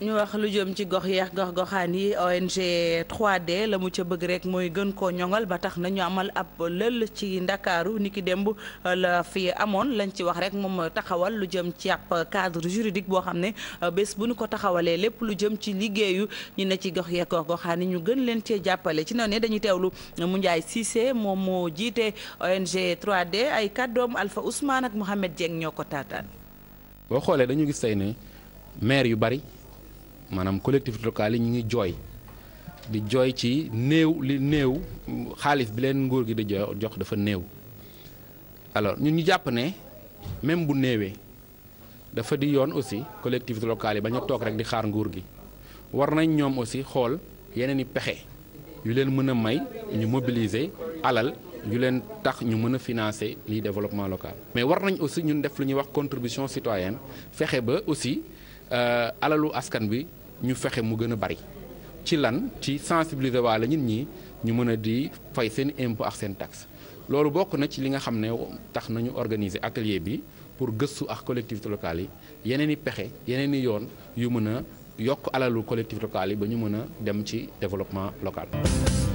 ñu wax lu jëm ci gox yeex gox goxaan yi ONG 3D la mu ca bëgg rek mooy gën koo ñoŋal ba tax nañu amal ab lël ci ndakaaru niki démb la fi amoon lañ ci wax rek moom taxawal lu jëm ci ab cadre juridique boo xam ne bés bu ñu ko taxawalee lépp lu jëm ci liggéeyu ñu ne ci gox yeex gox goxaan yi ñu gën leen cee jàppale ci noonu dañuy teewlu mu Ndiaye Cissé moom moo jiitee ONG 3D ay kàddoom Alpha Ousmane ak Mohamed Dieng ñoo ko taataan. boo xoolee dañu gis tey ne maire yu bari. maanaam collectivités locales yi ñu ngi jooy di jooy ci néew li néew xaalis bi leen nguur gi di jo jox dafa néew alors ñun ñu jàpp ne même bu néewee dafa di yoon aussi collectivités locales yi ba ñu toog rek di xaar nguur gi war nañ ñoom aussi xool yeneen i pexe yu leen mën a may ñu mobiliser alal yu leen tax ñu mën a financer lii développement local mais war nañ aussi ñun def lu ñuy wax contribution citoyenne fexe ba aussi Euh, alalu askan bi ñu fexe mu gën a bari ci lan ci sensibiliser waa ñit ñi ñu mën a di fay seen impôt ak seen taxe loolu bokk na ci li nga xam ne tax nañu organiser atelier bi pour gëstu ak collectivités locales yi yeneen i pexe yeneen i yoon yu mën a yokk alalu collectivités locales yi ba ñu mën a dem ci développement local